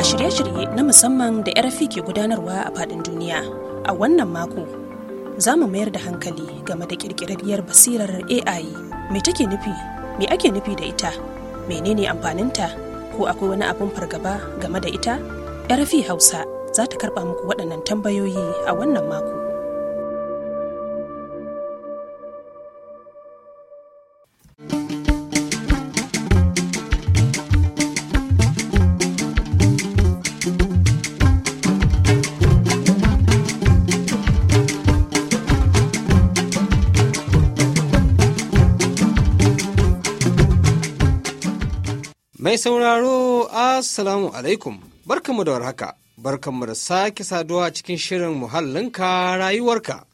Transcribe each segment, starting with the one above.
a shirye-shirye na musamman da rfi ke gudanarwa a faɗin duniya a wannan mako za mu mayar da hankali game da ƙirƙirarriyar basirar ai me take nufi me ake nufi da ita menene amfaninta ko akwai wani abin fargaba game da ita rfi hausa za ta karɓa muku waɗannan tambayoyi a wannan mako Mai sauraro Assalamu alaikum barkanmu da warhaka barkanmu da sake saduwa cikin shirin muhallinka rayuwarka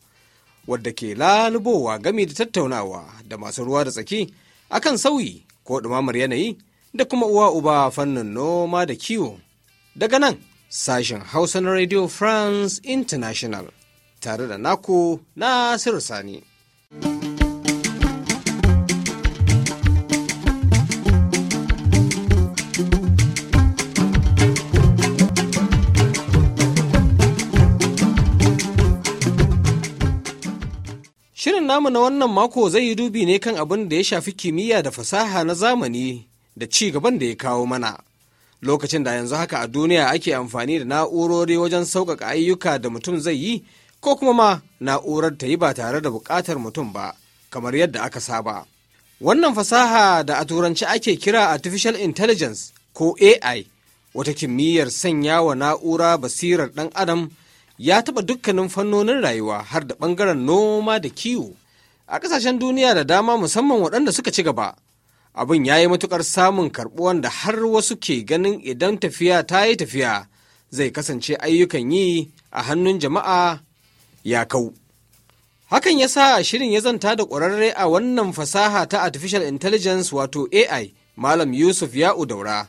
wadda ke lalubowa gami da tattaunawa da masu ruwa da tsaki akan sauyi ko ɗumamar yanayi da kuma uwa uba fannin noma da kiwo daga nan sashen hausa na radio france international tare da naku nasiru sani. Shirin namu na wannan mako zai yi dubi ne kan abin da ya shafi kimiyya da fasaha na zamani da ci gaban da ya kawo mana. Lokacin da yanzu haka a duniya ake amfani da na'urori wajen sauƙaƙa ayyuka da mutum zai yi ko kuma ma na'urar ta yi ba tare da buƙatar mutum ba, kamar yadda aka saba. Wannan fasaha da a turanci ake kira Artificial Intelligence ko AI, wata kimiyyar sanya wa na'ura basirar ɗan adam ya taɓa dukkanin fannonin rayuwa har da ɓangaren noma da kiwo a ƙasashen duniya da dama musamman waɗanda suka ci gaba abin ya yi matuƙar samun karɓuwan da har wasu ke ganin idan tafiya ta yi tafiya zai kasance ayyukan yi a hannun jama'a ya kau hakan ya sa shirin ya zanta da ƙwararre a wannan fasaha ta artificial intelligence wato ai malam yusuf ya'u daura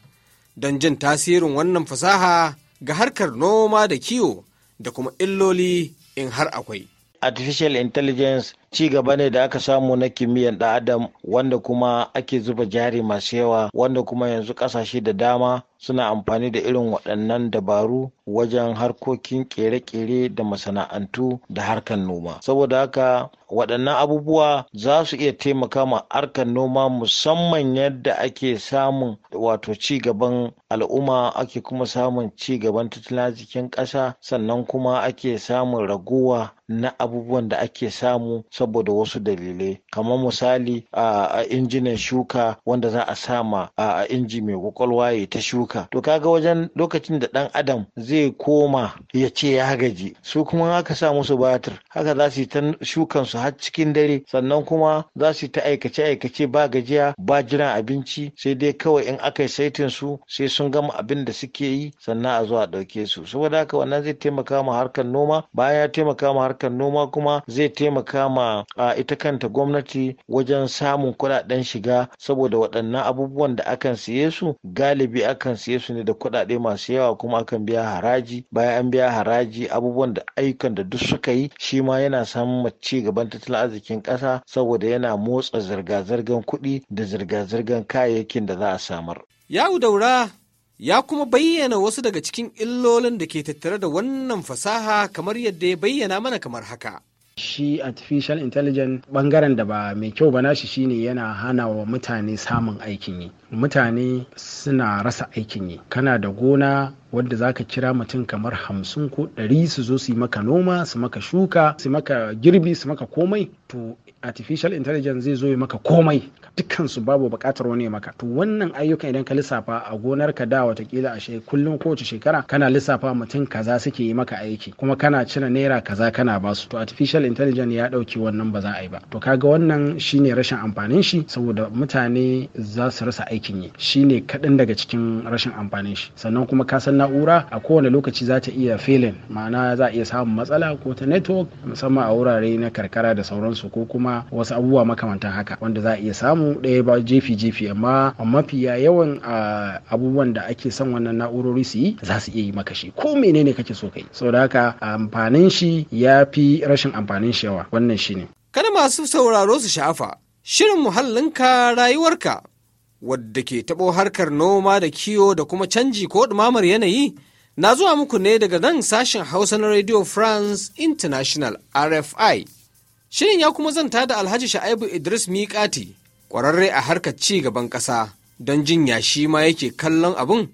don jin tasirin wannan fasaha ga harkar noma da kiwo da kuma illoli in har akwai. Artificial Intelligence ci gaba ne da aka samu na kimiyyar da adam wanda kuma ake zuba jari masu yawa wanda kuma yanzu kasashe da dama suna amfani da irin waɗannan dabaru wajen harkokin kere-kere da masana'antu da harkar noma saboda haka waɗannan abubuwa za su iya taimaka ma harkar noma musamman yadda ake samun wato ci gaban al'umma ake kuma samun ci gaban tattalin arzikin ƙasa sannan kuma ake samun raguwa na abubuwan da ake samu saboda wasu dalilai kamar misali a injinan shuka wanda za a sama a inji mai kwakwalwa ya ta shuka to kaga wajen lokacin da dan adam zai koma ya ce ya gaji su kuma aka sa musu batir haka za su yi ta shukan su har cikin dare sannan kuma za su yi ta aikace aikace ba gajiya ba jiran abinci sai dai kawai in aka yi saitin su sai sun gama abin da suke yi sannan a zo a ɗauke su saboda haka wannan zai taimaka ma harkar noma Baya ya taimaka ma harkar noma kuma zai taimaka ma A ita kanta gwamnati wajen samun kudaden shiga saboda waɗannan abubuwan da akan siye su galibi akan siye su ne da kuɗaɗe masu yawa kuma akan biya haraji bayan an biya haraji abubuwan da ayyukan da duk suka yi shi ma yana samun ci gaban tattalin arzikin ƙasa saboda yana motsa zirga-zirgar kuɗi da zirga-zirgar kayayyakin da za a samar. Yawu daura ya kuma bayyana wasu daga cikin illolin da ke tattare da wannan fasaha kamar yadda ya bayyana mana kamar haka. shi artificial intelligence bangaren da ba mai kyau ba nashi shine yana hana wa mutane samun aikin yi mutane suna rasa aikin yi kana da gona wadda za ka kira mutum kamar hamsin ko ɗari su zo su yi maka noma su maka shuka su maka girbi su maka komai to artificial intelligence zai zo yi maka komai dukkansu babu bukatar wani maka to wannan ayyukan idan ka lissafa a gonar ka da watakila a kullum kowace shekara kana lissafa mutum kaza suke yi maka aiki kuma kana cire naira kaza kana basu to artificial intelligence ya dauki wannan ba za a yi ba to kaga wannan shine rashin amfanin shi saboda mutane za su rasa aikin yi shine kaɗan daga cikin rashin amfanin shi sannan kuma ka san na'ura a kowane lokaci za ta iya failing ma'ana za a iya samun matsala ko ta network musamman a wurare na karkara da sauransu ko kuma kuma wasu abubuwa makamantan haka wanda za a iya samu ɗaya ba jefi jefi amma mafiya yawan abubuwan da ake son wannan na'urori su yi za su iya yi maka shi ko menene kake so kai saboda haka amfanin shi ya fi rashin amfanin shi yawa wannan shine kada masu sauraro su sha'afa shirin muhallinka rayuwarka wadda ke taɓo harkar noma da kiwo da kuma canji ko ɗumamar yanayi na zuwa muku ne daga nan sashen hausa na radio france international rfi Shirin ya kuma zanta da Alhaji Sha'aibu Idris Miƙati, ƙwararre a harkar ci gaban ƙasa, don jin shi ma yake kallon abin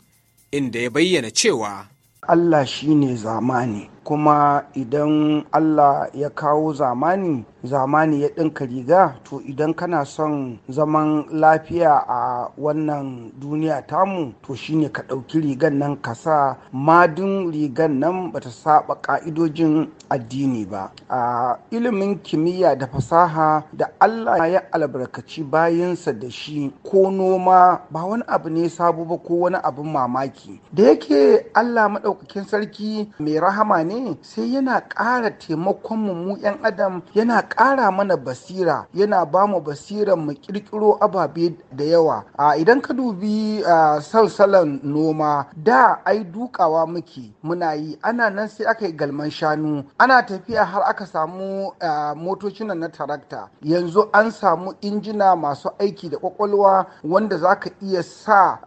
inda ya bayyana cewa. Allah shi ne zamani, kuma idan allah ya kawo zamani zamani ya ɗinka riga to idan kana son zaman lafiya a wannan duniya tamu to shine ka ɗauki rigan nan ka sa madin rigan nan bata saba ƙa'idojin addini ba a ilimin kimiyya da fasaha da allah ya albarkaci bayansa da shi ko noma ba wani abu ne sabo ba ko wani abin mamaki da yake allah maɗaukakin sarki mai rahama ne ne sai yana ƙara taimakon mu mu 'yan adam yana ƙara mana basira yana ba mu basiran mu ƙirƙiro ababe da yawa a idan ka dubi salsalan noma da ai dukawa muke muna yi ana nan sai aka yi galman shanu ana tafiya har aka samu motocin na tarakta yanzu an samu injina masu aiki da kwakwalwa wanda za ka iya sa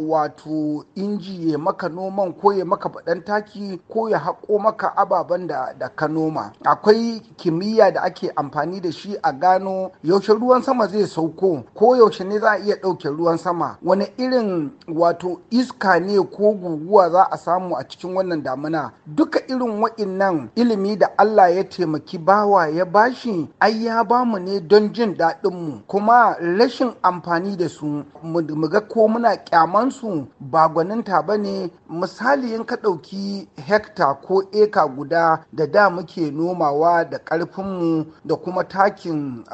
wato inji ya maka noman ko ya maka baɗan taki ko ya haƙo maka maka ababen da, da ka noma akwai kimiyya da ake amfani da shi a gano yaushe ruwan sama zai sauko ko yaushe ne za a iya ɗauke ruwan sama wani irin wato iska ne ko guguwa za a samu a cikin wannan damuna duka irin wa'innan ilimi da Allah ya taimaki bawa ya bashi ai ya bamu ne don jin daɗin mu kuma rashin amfani da su mu ga ko muna kyamansu ba gwaninta ba ne misali in ka ɗauki hekta ko e eka guda da da muke nomawa da ƙarfinmu da kuma takin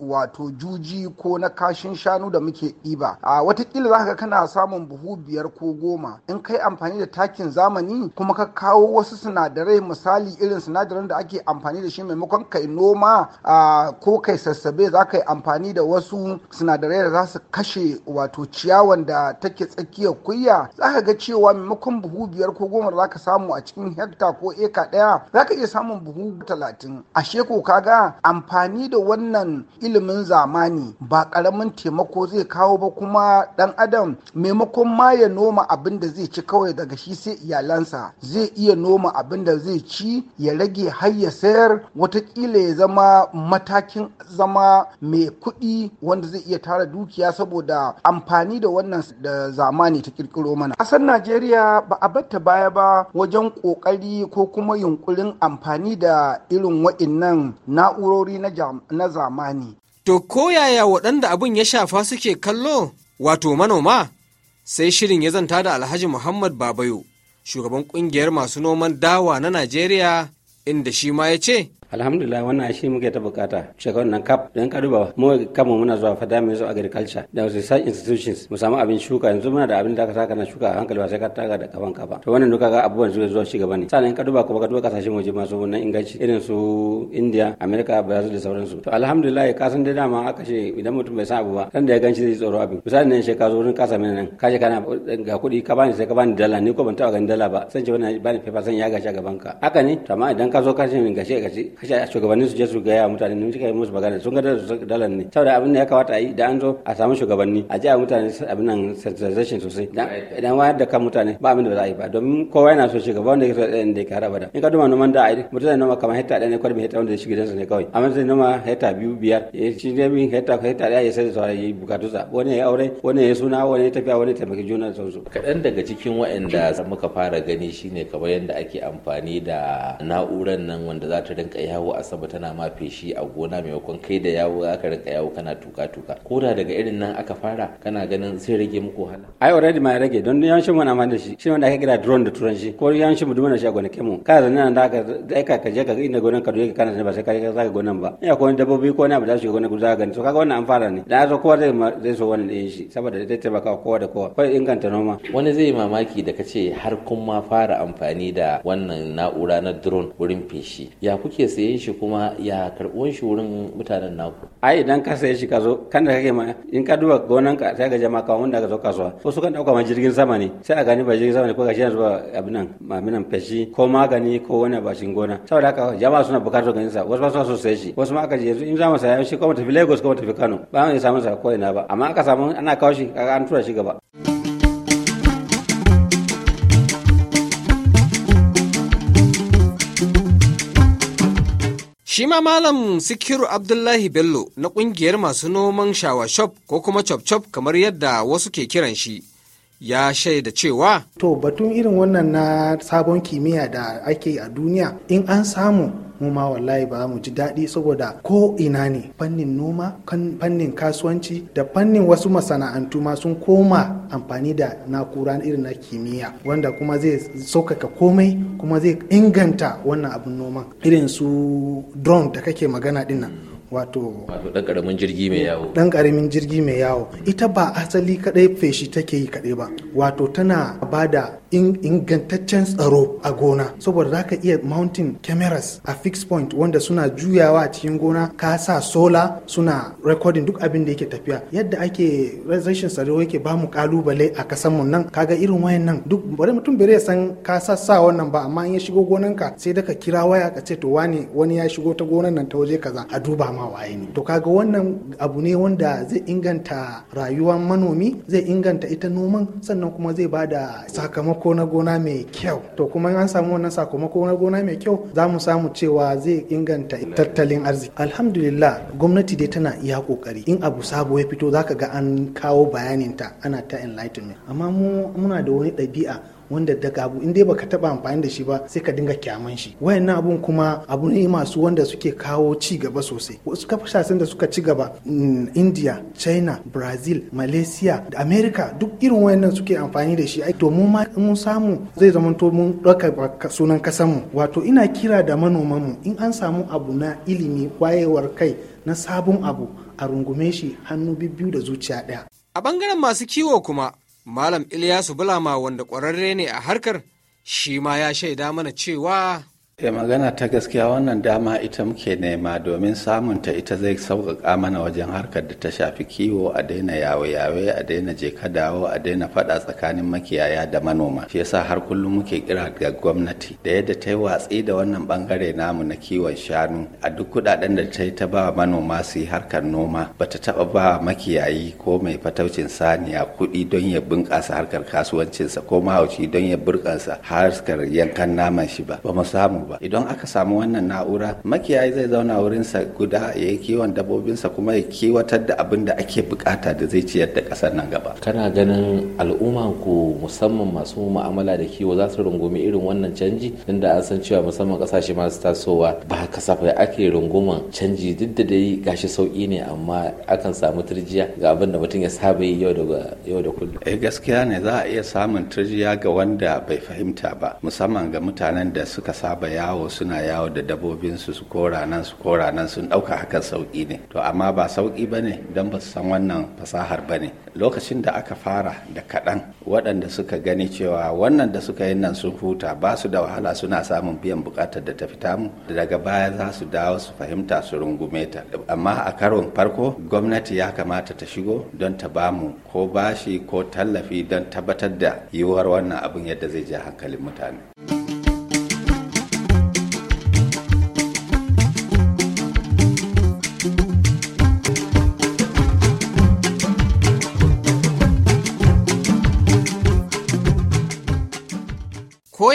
wato juji ko na kashin shanu da muke ɗiba a watakila za ka kana samun buhu biyar ko goma in kai amfani da takin zamani kuma ka kawo wasu sinadarai misali irin sinadarin da ake amfani da shi maimakon kai noma ko kai sassabe za ka yi amfani da wasu sinadarai da za su kashe wato ciyawan da take tsakiyar kuyya za ka ga cewa maimakon buhu biyar ko goma da za ka samu a cikin hekta ko ko eka ɗaya za ka iya samun buhu talatin ashe sheko kaga amfani da wannan ilimin zamani ba ƙaramin taimako zai kawo ba kuma ɗan adam maimakon ma ya noma abin da zai ci kawai daga shi sai iyalansa zai iya noma abin da zai ci ya rage har ya sayar watakila ya zama matakin zama mai kuɗi wanda zai iya tara dukiya saboda amfani da wannan da zamani ta kirkiro mana ƙasar najeriya ba a batta baya ba wajen ƙoƙari ko kuma yunkurin amfani da irin wa'innan na'urori na zamani. To koyaya waɗanda abin ya shafa suke kallo wato manoma sai shirin ya zanta da Alhaji Muhammad Babayo, shugaban ƙungiyar masu noman dawa na Najeriya inda shi ma ya ce. alhamdulillah wannan shi muke ta bukata shekaru nan kap don ka duba mu kanmu muna zuwa fada mai zuwa agriculture da research institutions mu samu abin shuka yanzu muna da abin da aka saka na shuka a hankali ba sai ka taga da kafan kafa to wannan duka ga abubuwan zuwa zuwa ci gaba ne sannan ka duba kuma ka duba kasashen waje masu wannan inganci irin su India America Brazil da sauransu to alhamdulillah ka san dai dama aka ce idan mutum bai san abu ba dan da ya ganci zai tsoro abin misali ne shi ka zo wurin kasa nan ka je kana ga kuɗi ka bani sai ka bani dala ni ko ban taba ganin dala ba san ce wannan bani fefa san ya gashi a gaban ka haka ne to amma idan ka zo ka ce min gashi gashi kace shugabannin su je su gaya mutane ne suka musu magana sun ga dalar ne saboda abin da ya kamata a yi da an zo a samu shugabanni a ji a mutane abin nan sensation sosai idan wayar da kan mutane ba abin da ba za a yi ba domin kowa yana so shugaba wanda ke so da ke haraba da in ka duma noman da a yi mutum zai noma kamar hekta ɗaya ne kwarmi hekta wanda shi gidansa ne kawai amma zai noma hekta biyu biyar ya ci ne bin hekta ko hekta ɗaya ya sai da sauran ya yi bukatu sa wani ya yi aure wani ya yi suna wani ya tafiya wani ya taimaki juna da sauransu. kaɗan daga cikin waɗanda muka fara gani shine kamar yadda ake amfani da na'urar nan wanda za ta rinka yawo a tana ma feshi a gona maimakon kai da yawo aka rinka yawo kana tuka tuka ko da daga irin nan aka fara kana ganin sai rage muku wahala ai already ma rage don yawancin mu na amfani da shi shi wanda ake kira drone da turanci ko yawancin mu dumana shi a gonakin mu kana zaune nan da aka aika ka je ka inda gonan ka doye kana ba sai ka za ka gonan ba ina ko dabbobi ko wani abu da su gonan ku za ka gani to kaga wannan an fara ne da zo kowa zai so wannan ɗayan shi saboda zai taimaka kowa da kowa kai inganta noma wani zai mamaki da kace har kun ma fara amfani da wannan na'ura na drone wurin feshi ya kuke sai sayen shi kuma ya karɓuwan shi wurin mutanen naku ai idan ka saye shi ka zo kan da kake ma in ka duba gonan ka sai ka jama kawun wanda ka zo kasuwa ko su kan dauka ma jirgin sama ne sai a gani ba jirgin sama ne ko ga shi yanzu ba abin nan maminan feshi ko magani ko wani bashin gona saboda haka jama suna bukatar ganin sa wasu ba su so saye shi wasu ma aka je yanzu in za mu saya shi ko mu tafi Lagos ko mu tafi Kano ba mu samu sa ko ina ba amma aka samu ana kawo shi an tura shi gaba. Shi ma Malam Sikiru Abdullahi Bello na ƙungiyar masu noman shawa shop ko kuma chop chop kamar yadda wasu ke kiran shi. ya shaida cewa to batun irin wannan na sabon kimiyya da ake a duniya in an samu mu ma wallahi ba mu ji daɗi saboda ko ina ne fannin noma fannin kasuwanci da fannin wasu masana'antu ma sun koma amfani da nakura irin na kimiyya wanda kuma zai saukaka komai kuma zai inganta wannan abin noman irin su drone da kake magana dinnan wato dan karamin jirgi mai yawo dan karamin jirgi mai yawo ita ba asali kadai feshi take yi kadai ba wato tana bada ingantaccen tsaro a gona saboda za ka iya mountain cameras a fixed point wanda suna juyawa a cikin gona ka sa sola suna recording duk abin da yake tafiya yadda ake rashin tsaro yake ba mu kalubale a kasanmu nan kaga irin wayan nan duk bari mutum bare ya san ka sa sa wannan ba amma in ya shigo gonanka sai da ka kira waya ka ce to wani wani ya shigo ta gonan nan ta waje kaza a duba ma waye ne to kaga wannan abu ne wanda zai inganta rayuwar manomi zai inganta ita noman sannan kuma zai bada sakamako sakamako na gona mai kyau to kuma an samu wannan sakamako na gona mai kyau za mu samu cewa zai inganta tattalin arziki alhamdulillah gwamnati dai tana iya kokari in abu sabo ya fito zaka ga an kawo bayaninta ana ta enlightenment amma mu muna da wani ɗabi'a wanda daga abu in dai baka taba amfani da shi ba sai ka dinga kyaman shi wayannan abun kuma abu ne masu wanda suke kawo ci gaba sosai wasu kafashen da suka ci gaba mm, india china brazil malaysia da america duk irin wayannan suke amfani da shi ai to mu ma mun samu zai zama to mun ɗauka sunan mu wato ina kira da manoman mu in an samu abu na ilimi wayewar kai na sabon abu a rungume shi hannu biyu da zuciya ɗaya a bangaren masu kiwo kuma Malam Ilyasu Bulama wanda ƙwararre ne a harkar shi ma ya shaida mana cewa E magana ta gaskiya wannan dama ita muke nema domin samunta ita zai sauƙaƙa mana wajen harkar da ta shafi kiwo a daina yawe-yawe a daina jeka dawo a daina faɗa tsakanin makiyaya da manoma. Shi yasa har kullum muke kira ga gwamnati da yadda ta yi watsi da wannan bangare namu na kiwon shanu a duk kuɗaɗen da ta yi ta ba manoma su yi harkar noma ba ta taɓa ba makiyayi ko mai fataucin saniya kuɗi don ya bunƙasa harkar kasuwancinsa ko mahauci don ya burƙasa harkar yankan naman shi ba. Ba mu samu samu ba idan aka samu wannan na'ura makiyayi zai zauna wurinsa guda ya yi kiwon dabbobinsa kuma ya kiwatar da abin da ake bukata da zai ciyar da ƙasar nan gaba kana ganin al'umma ko musamman masu mu'amala da kiwo za su rungumi irin wannan canji inda an san cewa musamman kasashe masu tasowa ba kasafai ake runguman canji duk da dai gashi sauki ne amma akan samu turjiya ga abin da mutum ya saba yi yau da kullum eh gaskiya ne za a iya samun turjiya ga wanda bai fahimta ba musamman ga mutanen da suka saba yawo suna yawo da dabbobin su kora nan su kora nan sun ɗauka hakan sauki ne to amma ba sauki ba ne don ba su san wannan fasahar ba ne lokacin da aka fara da kaɗan waɗanda suka gani cewa wannan da suka yi nan sun huta ba su da wahala suna samun biyan bukatar da ta fita mu daga baya za su dawo su fahimta su rungume ta amma a karon farko gwamnati ya kamata ta shigo don ta bamu ko bashi ko tallafi don tabbatar da yiwuwar wannan abin yadda zai je hankalin mutane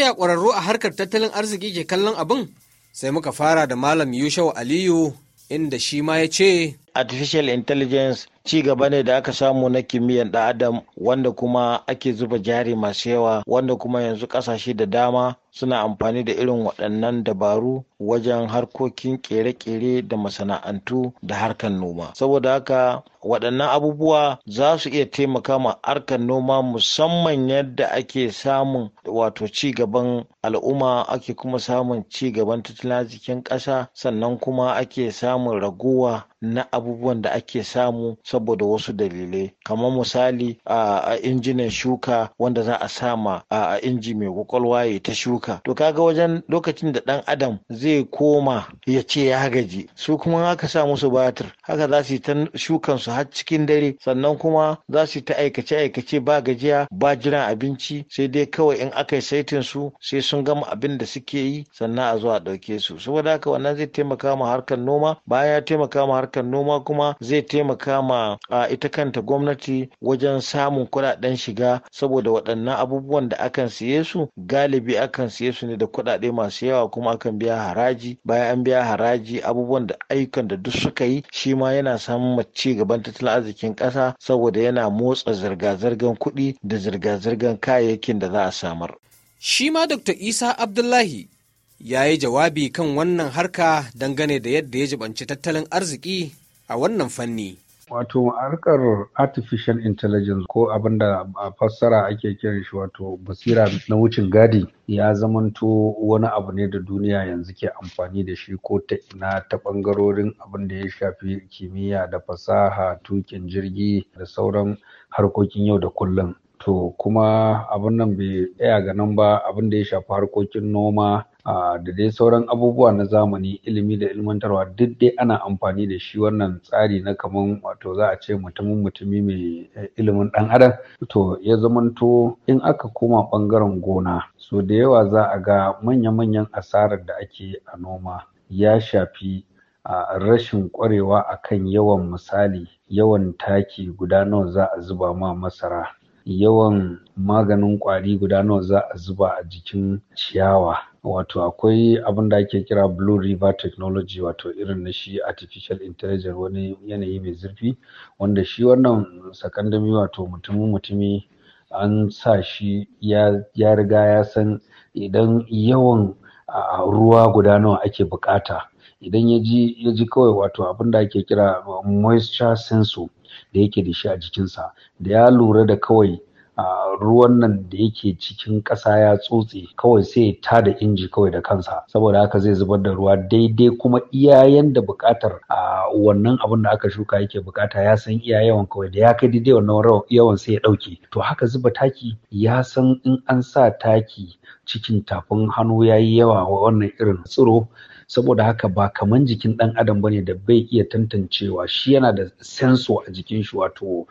yaya ƙwararru a harkar tattalin arziki ke kallon abin? Sai muka fara da Malam Yushau Aliyu inda shi ma ya ce artificial intelligence ci gaba ne da aka samu na kimiyyar da adam wanda kuma ake zuba jari masu yawa wanda kuma yanzu kasashe da dama suna amfani da irin waɗannan dabaru wajen harkokin ƙere-ƙere da masana'antu da harkar noma saboda haka waɗannan abubuwa za su iya taimaka ma harkar noma musamman yadda ake samun wato ci gaban al'umma ake kuma samun ci gaban tattalin arzikin ƙasa sannan kuma ake samun raguwa na abubuwan da ake samu saboda wasu dalilai kamar misali a injinan shuka wanda za a sama a inji mai kwakwalwa ta shuka to kaga wajen lokacin da dan adam zai koma ya ce ya gaji su kuma haka sa musu batir haka za su yi ta shukan su har cikin dare sannan kuma za su yi ta aikace aikace ba gajiya ba jiran abinci sai dai kawai in aka yi saitin su sai sun gama abin da suke yi sannan a zo a ɗauke su saboda haka wannan zai taimaka ma harkar noma bayan ya taimaka ma harkar noma kuma zai taimaka ma ita kanta gwamnati wajen samun kuɗaɗen shiga saboda waɗannan abubuwan da akan siye su galibi akan akan siye su ne da kuɗaɗe masu yawa kuma akan biya haraji bayan an biya haraji abubuwan da ayyukan da duk suka yi shi ma yana samun mace gaban tattalin arzikin ƙasa saboda yana motsa zirga-zirgar kuɗi da zirga-zirgar kayayyakin da za a samar. Shi ma Dr. Isa Abdullahi ya yi jawabi kan wannan harka dangane da yadda ya jibanci tattalin arziki a wannan fanni. Wato harkar artificial intelligence ko abin da a fassara ake kiran shi wato basira na wucin gadi ya zamanto wani abu ne da duniya yanzu ke amfani da shi ko ta ina ta ɓangarorin abin da ya shafi kimiyya da fasaha tukin jirgi da sauran harkokin yau da kullum. To kuma abin nan bai tsaya ga nan ba abin da ya shafi harkokin noma da dai sauran abubuwa na zamani ilimi da ilmantarwa duk dai ana amfani da shi wannan tsari na kamar wato za a ce mutumin mutumi mai eh, ilimin dan adam to ya zamanto in aka koma bangaren gona so da yawa za a ga manya-manyan asarar da ake a noma ya shafi a rashin kwarewa kan yawan misali yawan taki guda nawa za a zuba ma masara yawan maganin ƙwari guda nawa za a zuba a jikin ciyawa wato akwai abin da ake kira blue river technology wato irin na shi artificial intelligence wani yanayi mai zurfi wanda shi wannan sakandami wato mutumin mutumi an sa shi ya riga ya san idan yawan a ruwa guda nawa ake bukata idan ya ji kawai wato abin da ake kira moisture sensor da yake da shi a jikinsa da ya lura da kawai ruwan nan da yake cikin ƙasa ya tsotse kawai sai ya ta da inji kawai da kansa saboda haka zai zubar da ruwa daidai kuma iya da bukatar a wannan abin da aka shuka yake bukata ya san iya yawan kawai da ya kai daidai wannan yawan sai ya ɗauke to haka zuba taki ya san in an sa taki cikin tafin hannu ya yi yawa wa wannan irin tsiro saboda haka ba kaman jikin ɗan adam bane da bai iya tantancewa shi yana da senso a jikin shi wato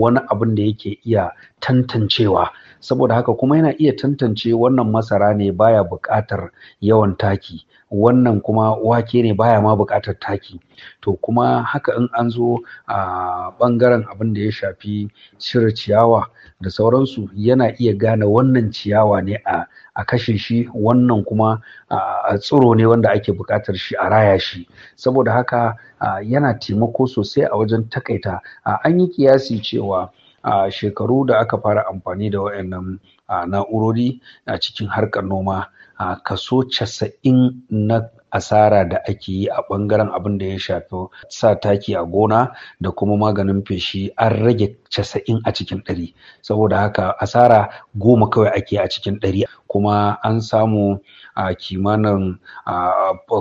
wani abin da yake iya tantancewa saboda haka kuma yana iya tantance wannan masara ne baya buƙatar yawan taki wannan kuma wake ne baya ma buƙatar taki to kuma haka in an zo a bangaren abin da ya shafi cire ciyawa da sauransu yana iya gane wannan ciyawa ne a a kashe shi wannan kuma a tsiro ne wanda ake buƙatar shi a raya shi saboda haka yana taimako sosai a wajen takaita an yi kiyasi cewa a shekaru da aka fara amfani da waɗannan na'urori a cikin harkar noma a kaso casa'in na asara da ake yi a bangaren abin da ya shafi sa taki a gona da kuma maganin feshi an rage casa'in a cikin ɗari saboda haka asara goma kawai ake a cikin ɗari kuma an samu a kimanin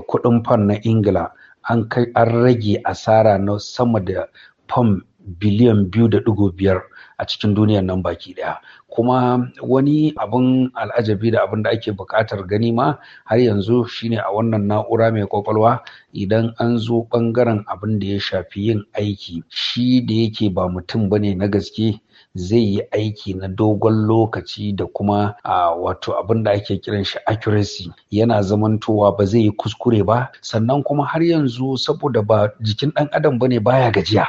kuɗin fan na ingila an rage asara na sama da fam biliyan biyu da ɗigo biyar a cikin duniyar nan baki ɗaya. kuma wani abin al'ajabi da abin da ake buƙatar gani ma har yanzu shine a wannan na'ura mai kwakwalwa idan an zo ɓangaren abin da ya shafi yin aiki shi da yake ba mutum bane na gaske zai yi aiki na dogon lokaci da kuma a wato abin da ake kiran shi accuracy yana zamantowa ba zai yi kuskure ba sannan kuma har yanzu saboda ba jikin ɗan adam bane baya gajiya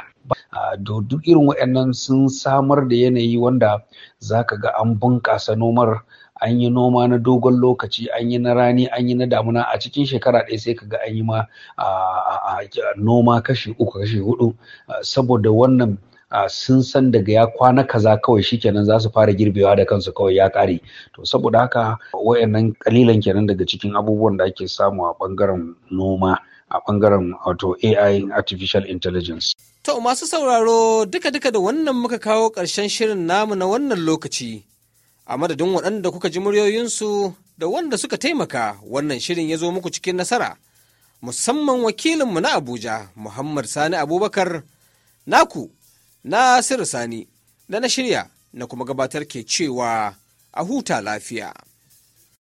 duk irin waɗannan sun samar da yanayi wanda zaka ga an bunƙasa nomar an yi noma na dogon lokaci an yi na rani an yi na damuna a cikin shekara ɗaya sai ka ga an yi ma noma kashi uku kashi hudu saboda wannan sun san daga ya kwana kaza kawai shikenan za su fara girbewa da kansu kawai ya kare to saboda haka wayannan kalilan kenan daga cikin abubuwan da ake samu a bangaren noma a bangaren auto AI artificial intelligence to masu sauraro duka duka da wannan muka kawo ƙarshen shirin namu na wannan lokaci a madadin waɗanda kuka ji muryoyinsu da wanda suka taimaka wannan shirin ya zo muku cikin nasara musamman wakilinmu na Abuja Muhammad Sani Abubakar naku Nasiru Sani da na shirya na kuma gabatar ke cewa a huta lafiya.